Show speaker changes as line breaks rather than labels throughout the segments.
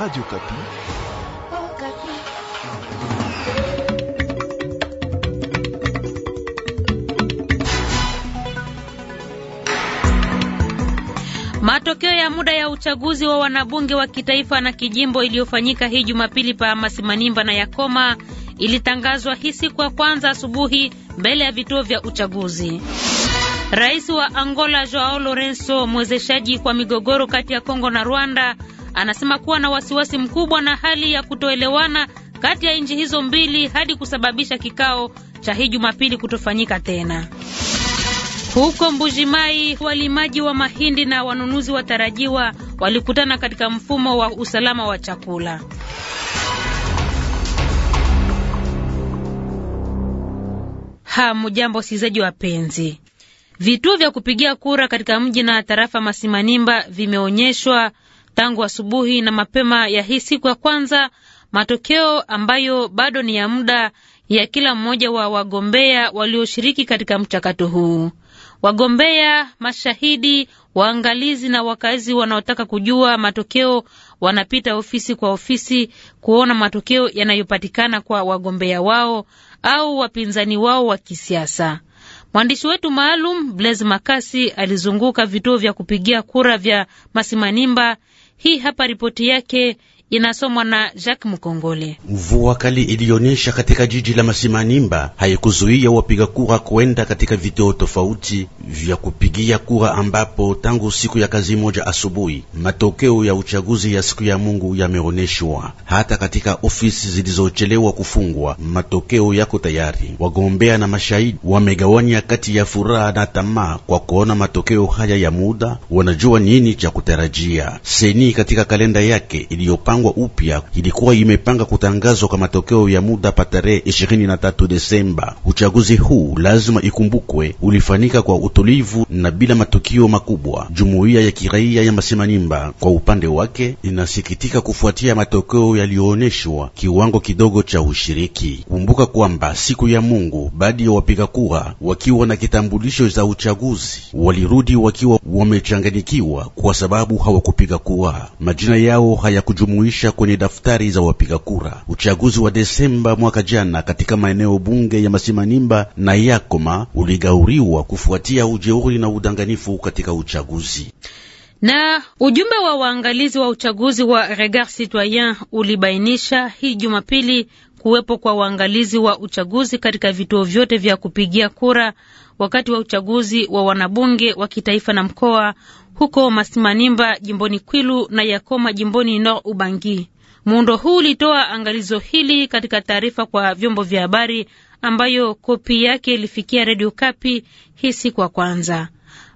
Radio Kapi. Oh, Kapi.
Matokeo ya muda ya uchaguzi wa wanabunge wa kitaifa na kijimbo iliyofanyika hii Jumapili pa Masimanimba na Yakoma ilitangazwa hii siku ya kwanza asubuhi mbele ya vituo vya uchaguzi. Rais wa Angola Joao Lorenzo, mwezeshaji kwa migogoro kati ya Kongo na Rwanda, anasema kuwa na wasiwasi mkubwa na hali ya kutoelewana kati ya nchi hizo mbili hadi kusababisha kikao cha hii Jumapili kutofanyika tena. Huko Mbujimai, walimaji wa mahindi na wanunuzi watarajiwa walikutana katika mfumo wa usalama wa chakula. Hamjambo wasikilizaji wapenzi. Vituo vya kupigia kura katika mji na tarafa Masimanimba vimeonyeshwa Tangu asubuhi na mapema ya hii siku ya kwanza, matokeo ambayo bado ni ya muda ya kila mmoja wa wagombea walioshiriki katika mchakato huu. Wagombea, mashahidi, waangalizi na wakazi wanaotaka kujua matokeo wanapita ofisi kwa ofisi kuona matokeo yanayopatikana kwa wagombea wao au wapinzani wao wa kisiasa. Mwandishi wetu maalum Blaise Makasi alizunguka vituo vya kupigia kura vya Masimanimba hii hapa ripoti yake inasomwa na Jacques Mkongole.
Mvua kali iliyonyesha katika jiji la Masimanimba haikuzuia wapiga kura kwenda katika vituo tofauti vya kupigia kura, ambapo tangu siku ya kazi moja asubuhi matokeo ya uchaguzi ya siku ya Mungu yameonyeshwa. Hata katika ofisi zilizochelewa kufungwa, matokeo yako tayari. Wagombea na mashahidi wamegawanya kati ya furaha na tamaa kwa kuona matokeo haya ya muda, wanajua nini cha kutarajia. Seni katika kalenda yake iliyopangwa kupangwa upya, ilikuwa imepanga kutangazwa kwa matokeo ya muda pa tarehe 23 Desemba. Uchaguzi huu lazima ikumbukwe, ulifanyika kwa utulivu na bila matukio makubwa. Jumuiya ya kiraia ya Masemanimba kwa upande wake inasikitika kufuatia matokeo yaliyoonyeshwa kiwango kidogo cha ushiriki. Kumbuka kwamba siku ya Mungu, baadhi ya wapiga kura wakiwa na kitambulisho za uchaguzi walirudi wakiwa wamechanganyikiwa kwa sababu hawakupiga kura, majina yao hayakujumuishwa kujisajili kwenye daftari za wapiga kura. Uchaguzi wa Desemba mwaka jana katika maeneo bunge ya Masimanimba na Yakoma uligauriwa kufuatia ujeuri na udanganifu katika uchaguzi.
Na ujumbe wa waangalizi wa uchaguzi wa Regard Citoyen ulibainisha hii Jumapili kuwepo kwa waangalizi wa uchaguzi katika vituo vyote vya kupigia kura wakati wa uchaguzi wa wanabunge wa kitaifa na mkoa huko Masimanimba jimboni Kwilu na Yakoma jimboni Nord Ubangi. Muundo huu ulitoa angalizo hili katika taarifa kwa vyombo vya habari ambayo kopi yake ilifikia Redio Kapi hii siku ya kwanza.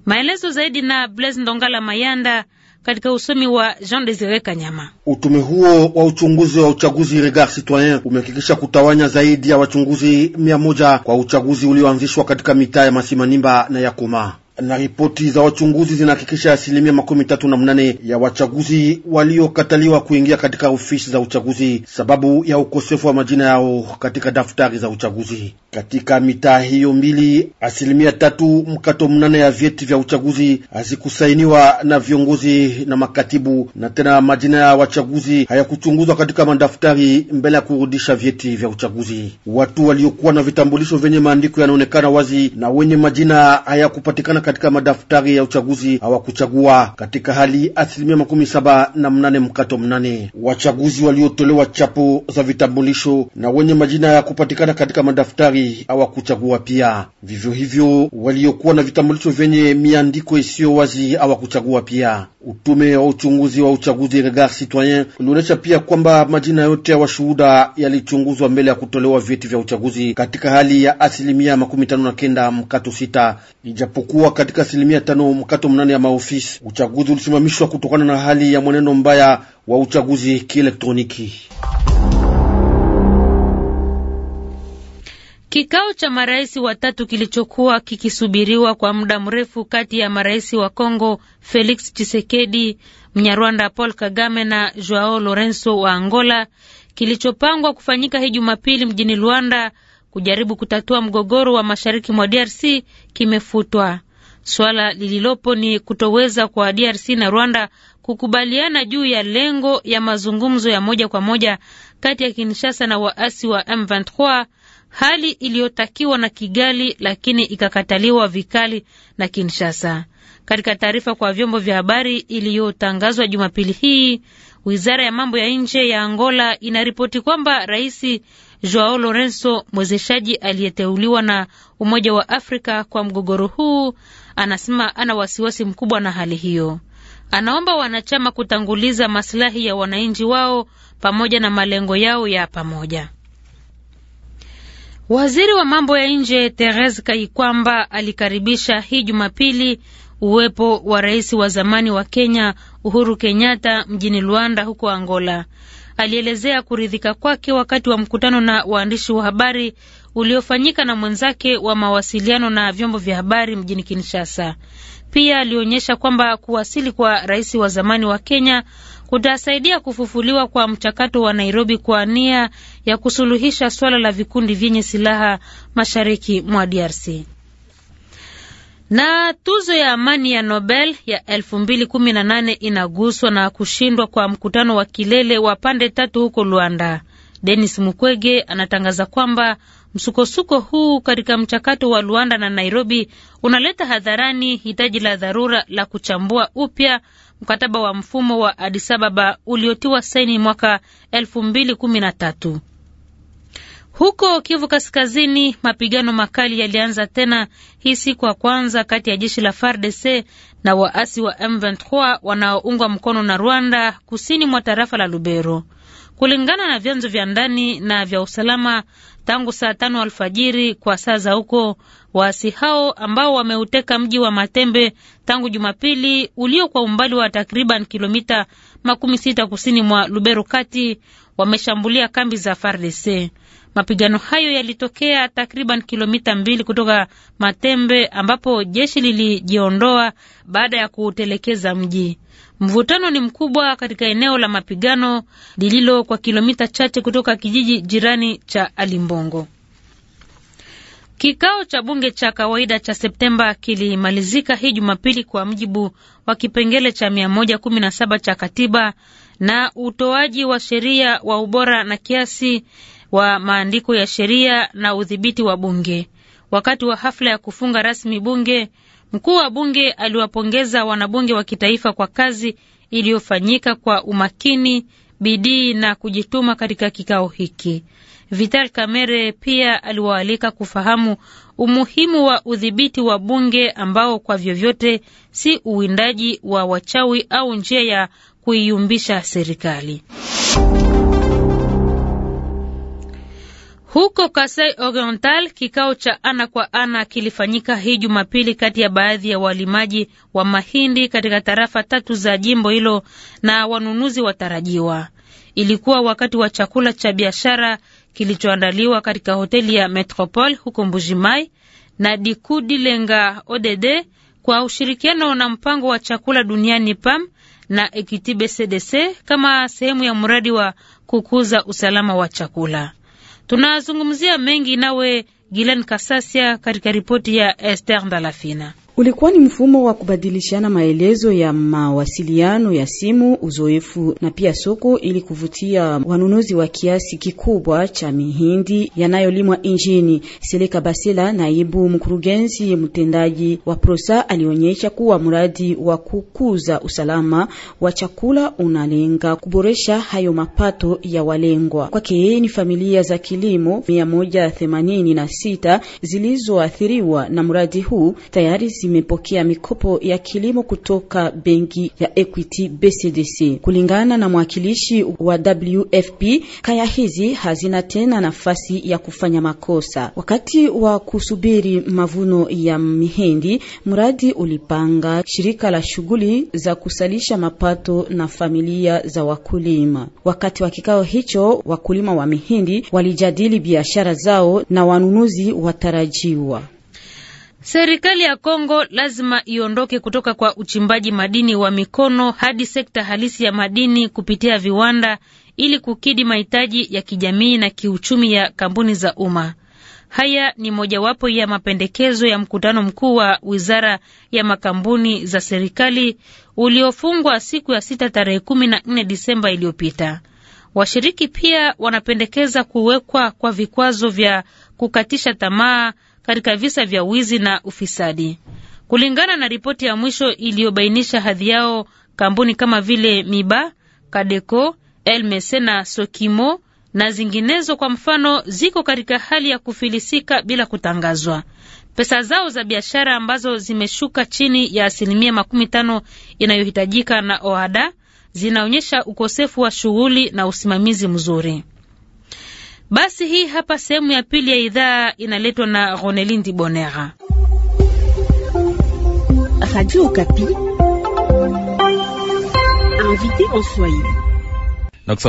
Maelezo zaidi na Blaise Ndongala Mayanda katika usomi wa Jean Desire Kanyama.
Utume huo wa uchunguzi wa uchaguzi Regard Citoyen umehakikisha kutawanya zaidi ya wachunguzi mia moja kwa uchaguzi ulioanzishwa katika mitaa ya Masimanimba na Yakoma na ripoti za wachunguzi zinahakikisha asilimia makumi tatu na mnane ya wachaguzi waliokataliwa kuingia katika ofisi za uchaguzi sababu ya ukosefu wa majina yao katika daftari za uchaguzi. Katika mitaa hiyo mbili, asilimia tatu mkato mnane ya vyeti vya uchaguzi hazikusainiwa na viongozi na makatibu, na tena majina ya wachaguzi hayakuchunguzwa katika madaftari mbele ya kurudisha vyeti vya uchaguzi. Watu waliokuwa na vitambulisho vyenye maandiko yanaonekana wazi na wenye majina hayakupatikana katika madaftari ya uchaguzi hawakuchagua. Katika hali asilimia makumi saba na mnane mkato mnane wachaguzi waliotolewa chapo za vitambulisho na wenye majina hayakupatikana katika madaftari serikali awakuchagua pia. Vivyo hivyo waliokuwa na vitambulisho vyenye miandiko isiyo wazi awakuchagua pia. Utume wa uchunguzi wa uchaguzi Regard Citoyen ulionyesha pia kwamba majina yote ya washuhuda yalichunguzwa mbele ya kutolewa vyeti vya uchaguzi katika hali ya asilimia makumi tano na kenda mkato sita, ijapokuwa katika asilimia tano mkato mnane ya maofisi uchaguzi ulisimamishwa kutokana na hali ya mwenendo mbaya wa uchaguzi kielektroniki.
Kikao cha marais watatu kilichokuwa kikisubiriwa kwa muda mrefu kati ya marais wa Kongo Felix Tshisekedi, Mnyarwanda Paul Kagame na Joao Lorenzo wa Angola kilichopangwa kufanyika hii Jumapili mjini Luanda kujaribu kutatua mgogoro wa mashariki mwa DRC kimefutwa. Swala lililopo ni kutoweza kwa DRC na Rwanda kukubaliana juu ya lengo ya mazungumzo ya moja kwa moja kati ya Kinshasa na waasi wa M23 hali iliyotakiwa na Kigali lakini ikakataliwa vikali na Kinshasa. Katika taarifa kwa vyombo vya habari iliyotangazwa Jumapili hii, wizara ya mambo ya nje ya Angola inaripoti kwamba Rais Joao Lorenzo, mwezeshaji aliyeteuliwa na Umoja wa Afrika kwa mgogoro huu, anasema ana wasiwasi mkubwa na hali hiyo. Anaomba wanachama kutanguliza masilahi ya wananchi wao pamoja na malengo yao ya pamoja. Waziri wa mambo ya nje Therese Kaikwamba alikaribisha hii Jumapili uwepo wa rais wa zamani wa Kenya Uhuru Kenyatta mjini Luanda huko Angola. Alielezea kuridhika kwake wakati wa mkutano na waandishi wa habari uliofanyika na mwenzake wa mawasiliano na vyombo vya habari mjini Kinshasa. Pia alionyesha kwamba kuwasili kwa rais wa zamani wa Kenya kutasaidia kufufuliwa kwa mchakato wa Nairobi kwa nia ya kusuluhisha swala la vikundi vyenye silaha mashariki mwa DRC. Na tuzo ya amani ya Nobel ya 2018 inaguswa na kushindwa kwa mkutano wa kilele wa pande tatu huko Luanda. Denis Mukwege anatangaza kwamba msukosuko huu katika mchakato wa Luanda na Nairobi unaleta hadharani hitaji la dharura la kuchambua upya mkataba wa mfumo wa Addis Ababa uliotiwa saini mwaka 2013. Huko Kivu Kaskazini, mapigano makali yalianza tena hii siku ya kwanza kati ya jeshi la FARDC na waasi wa M23 wanaoungwa mkono na Rwanda kusini mwa tarafa la Lubero kulingana na vyanzo vya ndani na vya usalama. Tangu saa tano alfajiri kwa saa za huko, waasi hao ambao wameuteka mji wa Matembe tangu Jumapili, ulio kwa umbali wa takriban kilomita makumi sita kusini mwa Lubero kati, wameshambulia kambi za FARDC. Mapigano hayo yalitokea takriban kilomita mbili kutoka Matembe ambapo jeshi lilijiondoa baada ya kuutelekeza mji. Mvutano ni mkubwa katika eneo la mapigano lililo kwa kilomita chache kutoka kijiji jirani cha Alimbongo. Kikao cha bunge cha kawaida cha Septemba kilimalizika hii Jumapili kwa mjibu wa kipengele cha 117 cha katiba na utoaji wa sheria wa ubora na kiasi wa maandiko ya sheria na udhibiti wa bunge. Wakati wa hafla ya kufunga rasmi bunge, Mkuu wa bunge aliwapongeza wanabunge wa kitaifa kwa kazi iliyofanyika kwa umakini, bidii na kujituma katika kikao hiki. Vital Kamerhe pia aliwaalika kufahamu umuhimu wa udhibiti wa bunge ambao kwa vyovyote si uwindaji wa wachawi au njia ya kuiyumbisha serikali. Huko Kasai Oriental, kikao cha ana kwa ana kilifanyika hii Jumapili kati ya baadhi ya walimaji wa mahindi katika tarafa tatu za jimbo hilo na wanunuzi watarajiwa. Ilikuwa wakati wa chakula cha biashara kilichoandaliwa katika hoteli ya Metropole huko Mbujimai na Dikudi Lenga ODD kwa ushirikiano na mpango wa chakula duniani PAM na Ekitibe CDC kama sehemu ya mradi wa kukuza usalama wa chakula. Tunazungumzia mengi nawe Gilen Kasasia katika ripoti ya Esther Ndalafina.
Ulikuwa ni mfumo wa kubadilishana maelezo ya mawasiliano ya simu, uzoefu na pia soko, ili kuvutia wanunuzi wa kiasi kikubwa cha mihindi yanayolimwa nchini. Seleka Basela, naibu mkurugenzi mtendaji wa Prosa, alionyesha kuwa mradi wa kukuza usalama wa chakula unalenga kuboresha hayo mapato ya walengwa. Kwake yeye ni familia za kilimo mia moja themanini na sita zilizoathiriwa na mradi huu tayari zimepokea mikopo ya kilimo kutoka benki ya Equity BCDC. Kulingana na mwakilishi wa WFP, kaya hizi hazina tena nafasi ya kufanya makosa. Wakati wa kusubiri mavuno ya mihindi, mradi ulipanga shirika la shughuli za kusalisha mapato na familia za wakulima. Wakati wa kikao hicho, wakulima wa mihindi walijadili biashara zao na wanunuzi watarajiwa.
Serikali ya Kongo lazima iondoke kutoka kwa uchimbaji madini wa mikono hadi sekta halisi ya madini kupitia viwanda ili kukidhi mahitaji ya kijamii na kiuchumi ya kampuni za umma. Haya ni mojawapo ya mapendekezo ya mkutano mkuu wa wizara ya makampuni za serikali uliofungwa siku ya sita tarehe kumi na nne Disemba iliyopita. Washiriki pia wanapendekeza kuwekwa kwa vikwazo vya kukatisha tamaa katika visa vya wizi na ufisadi. Kulingana na ripoti ya mwisho iliyobainisha hadhi yao, kampuni kama vile Miba, Kadeko, Elmec na Sokimo na zinginezo kwa mfano ziko katika hali ya kufilisika bila kutangazwa. Pesa zao za biashara ambazo zimeshuka chini ya asilimia makumi tano inayohitajika na oada zinaonyesha ukosefu wa shughuli na usimamizi mzuri. Basi hii hapa sehemu ya pili ya idhaa inaletwa na Ronelindi Bonera.
Radio Okapi. Invité en Swahili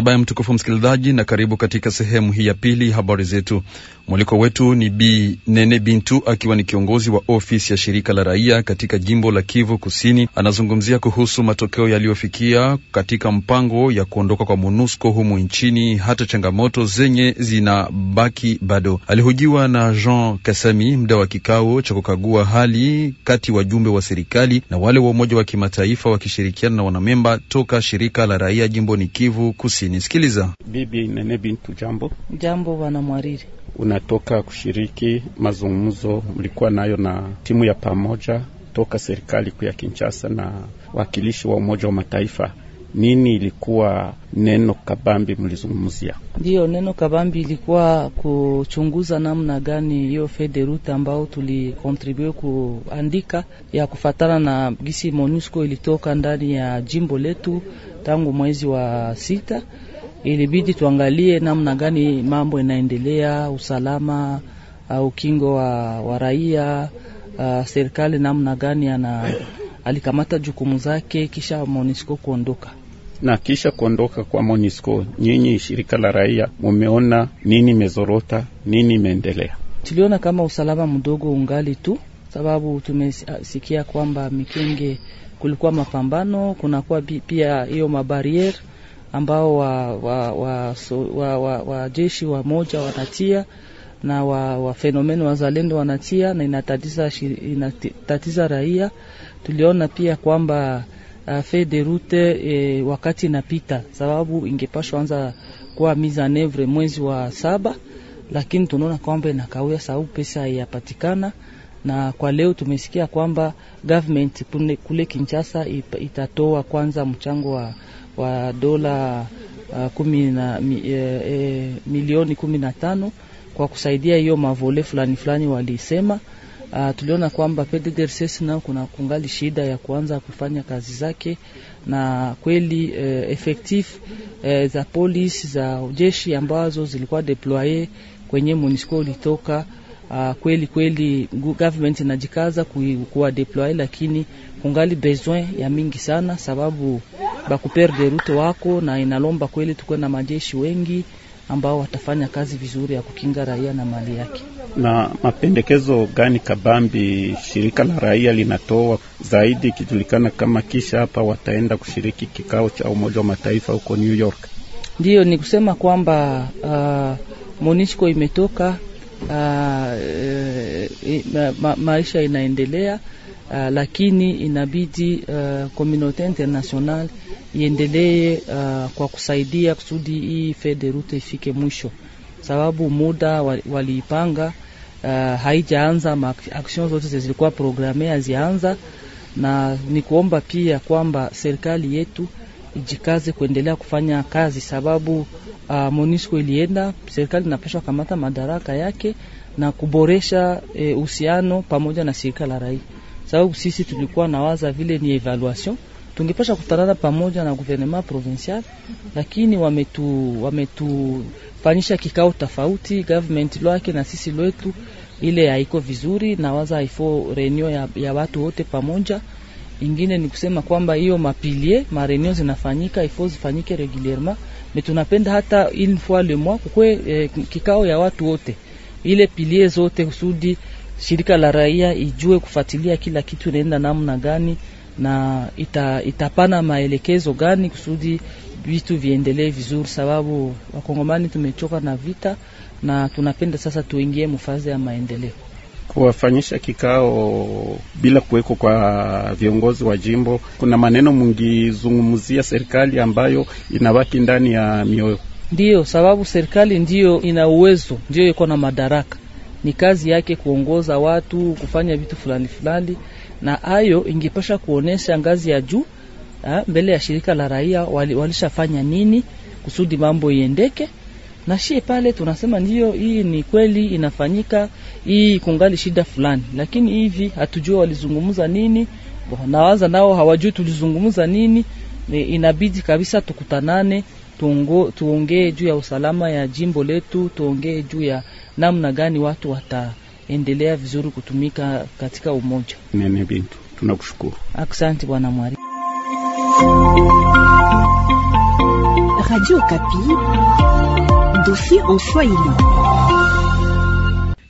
na mtukufu msikilizaji, na karibu katika sehemu hii ya pili habari zetu. Mwaliko wetu ni Bi Nene Bintu akiwa ni kiongozi wa ofisi ya shirika la raia katika jimbo la Kivu Kusini, anazungumzia kuhusu matokeo yaliyofikia katika mpango ya kuondoka kwa MONUSCO humu nchini, hata changamoto zenye zinabaki bado. Alihojiwa na Jean Kasami muda wa kikao cha kukagua hali kati wajumbe wa serikali na wale wa Umoja wa Kimataifa wakishirikiana na wanamemba toka shirika la raia jimboni Kivu Kusini. Sikiliza bibi Nene Bintu, jambo
jambo. Bwana Mwariri,
unatoka kushiriki mazungumzo mlikuwa nayo na timu ya pamoja toka serikali kuu ya Kinshasa na wakilishi wa Umoja wa Mataifa. Nini ilikuwa neno kabambi mlizungumzia?
Ndiyo, neno kabambi ilikuwa kuchunguza namna gani hiyo federute ambao tulikontribue kuandika ya kufatana na gisi MONUSCO ilitoka ndani ya jimbo letu tangu mwezi wa sita ilibidi tuangalie namna gani mambo inaendelea, usalama au uh, kingo wa, wa raia uh, serikali namna gani ana alikamata jukumu zake kisha MONUSCO kuondoka.
Na kisha kuondoka kwa MONUSCO, nyinyi shirika la raia mumeona nini mezorota, nini imeendelea?
Tuliona kama usalama mdogo ungali tu, sababu tumesikia kwamba Mikenge kulikuwa mapambano, kunakuwa pia hiyo mabariere ambao wajeshi wa, wa, wa, wa, wa, wa moja wanatia na wa, wa wazalendo wanatia na inatatiza, inatatiza raia. Tuliona pia kwamba uh, fe de route e, wakati inapita, sababu ingepashwa anza kuwa mise en oeuvre mwezi wa saba, lakini tunaona kwamba inakawia sababu pesa haiyapatikana na kwa leo tumesikia kwamba government kule Kinshasa itatoa kwanza mchango wa, wa dola uh, kumi na, mi, eh, eh, milioni kumi na tano kwa kusaidia hiyo mavole fulani fulani walisema. Uh, tuliona kwamba PDDRCS nao kuna kungali shida ya kuanza kufanya kazi zake, na kweli eh, effectif eh, za polisi za jeshi ambazo zilikuwa deploye kwenye munisipo ulitoka Uh, kweli kweli government inajikaza kuwa deploy, lakini kungali besoin ya mingi sana, sababu bakuperde rute wako na inalomba kweli tukuwe na majeshi wengi ambao watafanya kazi vizuri ya kukinga raia na mali yake.
Na mapendekezo gani kabambi shirika la raia linatoa zaidi, ikijulikana kama kisha hapa wataenda kushiriki kikao cha Umoja wa Mataifa huko New York?
Ndiyo ni kusema kwamba uh, ah, Monisco imetoka aa, uh, eh, e, ma, maisha inaendelea aa, uh, lakini inabidi komunote uh, international iendelee kwa kusaidia kusudi hii fede rute ifike mwisho, sababu muda waliipanga wali haijaanza, maaction zote zilikuwa programea zianza, na ni kuomba pia kwamba serikali yetu ijikaze kuendelea kufanya kazi sababu uh, Monisco ilienda, serikali inapashwa kamata madaraka yake na kuboresha eh, uhusiano pamoja na shirika la raia, sababu sisi tulikuwa nawaza vile ni evaluation tungepasha kutanana pamoja na gouvernement provincial, lakini wametu wametufanyisha kikao tofauti government lwake na sisi lwetu, ile haiko vizuri. Nawaza ifo renio ya, ya watu wote pamoja Ingine ni kusema kwamba hiyo mapilie marenio zinafanyika ifo zifanyike regulierement, me tunapenda hata une fois le mois kukwe eh, kikao ya watu wote ile pilie zote kusudi shirika la raia ijue kufuatilia kila kitu inaenda namna gani na ita, itapana maelekezo gani kusudi vitu viendelee vizuri, sababu wakongomani tumechoka na vita na tunapenda sasa tuingie mufaze ya maendeleo
kuwafanyisha kikao bila kuweko kwa viongozi wa jimbo, kuna maneno mungizungumzia serikali ambayo inabaki ndani ya mioyo.
Ndiyo sababu serikali ndiyo ina uwezo, ndiyo iko na madaraka, ni kazi yake kuongoza watu kufanya vitu fulani fulani, na hayo ingepasha kuonyesha ngazi ya juu ha, ah, mbele ya shirika la raia walishafanya nini kusudi mambo iendeke na shie pale tunasema ndio hii ni kweli inafanyika, hii kungali shida fulani, lakini hivi hatujua walizungumza nini. Nawaza nao hawajui tulizungumza nini. Inabidi kabisa tukutanane, tuongee juu ya usalama ya jimbo letu, tuongee juu ya namna gani watu wataendelea vizuri kutumika katika umoja.
Nene Bintu, tunakushukuru.
Asante bwana mwalimu.
Radio Kapi, dossier en Swahili.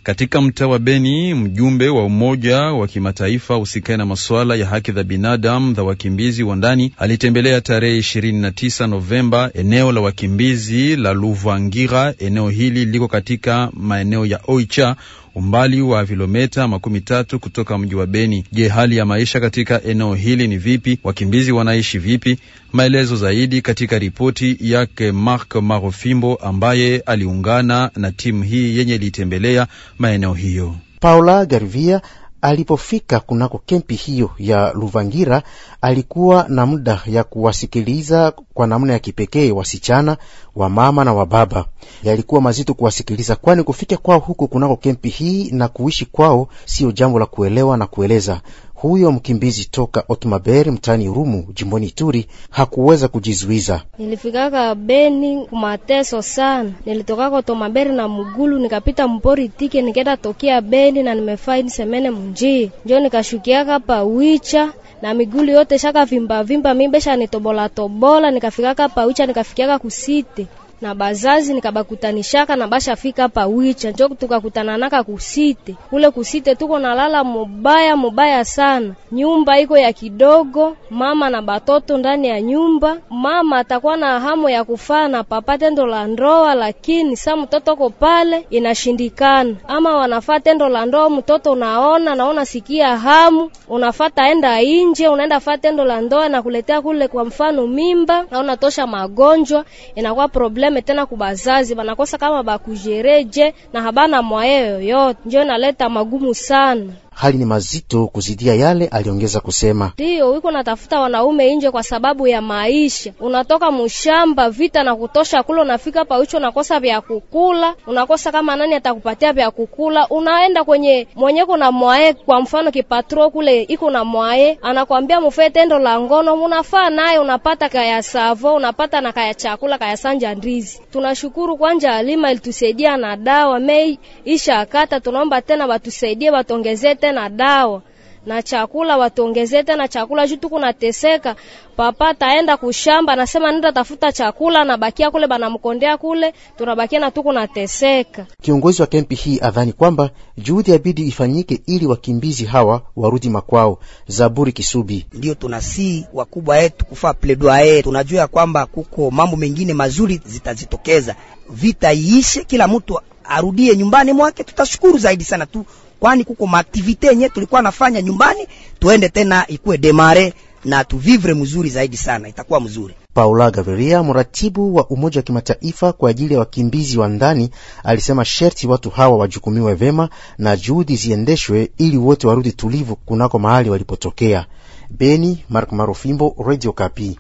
Katika mtaa wa Beni, mjumbe wa Umoja wa Kimataifa usikae na masuala ya haki za binadamu za wakimbizi wa ndani alitembelea tarehe ishirini na tisa Novemba eneo la wakimbizi la Luvangira. Eneo hili liko katika maeneo ya Oicha umbali wa vilometa makumi tatu kutoka mji wa Beni. Je, hali ya maisha katika eneo hili ni vipi? Wakimbizi wanaishi vipi? Maelezo zaidi katika ripoti yake Mark Marofimbo ambaye aliungana na timu hii yenye ilitembelea maeneo hiyo.
Paula Garvia Alipofika kunako kempi hiyo ya Luvangira, alikuwa na muda ya kuwasikiliza kwa namna ya kipekee wasichana wa mama na wa baba. Yalikuwa mazito kuwasikiliza, kwani kufika kwao huko kunako kempi hii na kuishi kwao sio jambo la kuelewa na kueleza huyo mkimbizi toka Otmaber mtaani Rumu jimboni Ituri hakuweza kujizuiza.
Nilifikaka Beni kumateso sana, nilitokaka Otmaber na mugulu nikapita mpori tike nikenda tokia Beni na nimefaini semene munjii njo nikashukiaka pawicha na migulu yote shaka vimba vimba mibesha nitobola tobola nikafikaka pawicha nikafikiaka kusite na bazazi nikabakutanishaka na bashafika pa wicha njo tukakutananaka kusite. Kule kusite tuko nalala mubaya mubaya sana, nyumba iko ya kidogo, mama na batoto ndani ya nyumba. Mama atakuwa na hamu ya kufaa na papa tendo la ndoa, lakini sa mtoto ko pale inashindikana, ama wanafaa tendo la ndoa. Mtoto unaona na unasikia hamu, unafata enda inje, unaenda fa tendo la ndoa, na kuletea kule kwa mfano mimba na unatosha magonjwa, inakuwa problem bame tena kubazazi banakosa kama bakujere na habana mwaye yoyote, njo naleta magumu sana
hali ni mazito kuzidia yale. Aliongeza kusema
ndiyo wiko natafuta wanaume nje kwa sababu ya maisha. Unatoka mushamba vita na kutosha kula, unafika paucho unakosa vya kukula, unakosa kama nani atakupatia vya kukula. Unaenda kwenye mwenyeko na mwae kwa mfano kipatro kule iko na mwae anakwambia mufee tendo la ngono, munafaa naye, unapata kaya savo, unapata na kaya chakula, kaya sanja ndizi. Tunashukuru kwanja alima ilitusaidia na dawa mei isha akata, tunaomba tena watusaidie watongezete tena dawa na chakula watuongezee tena chakula juu tuko teseka. Papa taenda kushamba, nasema nenda tafuta chakula, na bakia kule bana mkondea kule, tunabakia na tuko na teseka.
Kiongozi wa kempi hii adhani kwamba juhudi ya bidi ifanyike ili wakimbizi hawa warudi makwao. Zaburi Kisubi:
ndio tunasii wakubwa wetu kufa pledoaye, tunajua kwamba kuko mambo mengine mazuri zitazitokeza, vita iishe, kila mtu arudie nyumbani mwake, tutashukuru zaidi sana tu kwani kuko maaktivite yenye tulikuwa nafanya nyumbani, tuende tena ikuwe demare na tuvivre mzuri zaidi sana, itakuwa mzuri.
Paula Gaviria, mratibu wa Umoja wa Kimataifa kwa ajili ya wakimbizi wa ndani, alisema sherti watu hawa wajukumiwe vema na juhudi ziendeshwe ili wote warudi tulivu kunako mahali walipotokea. Beni, Mark Marofimbo, Radio Kapi.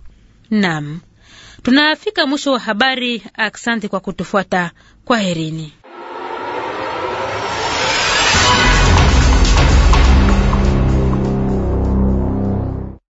Naam, tunafika mwisho wa habari. Aksante kwa kutufuata, kwaherini.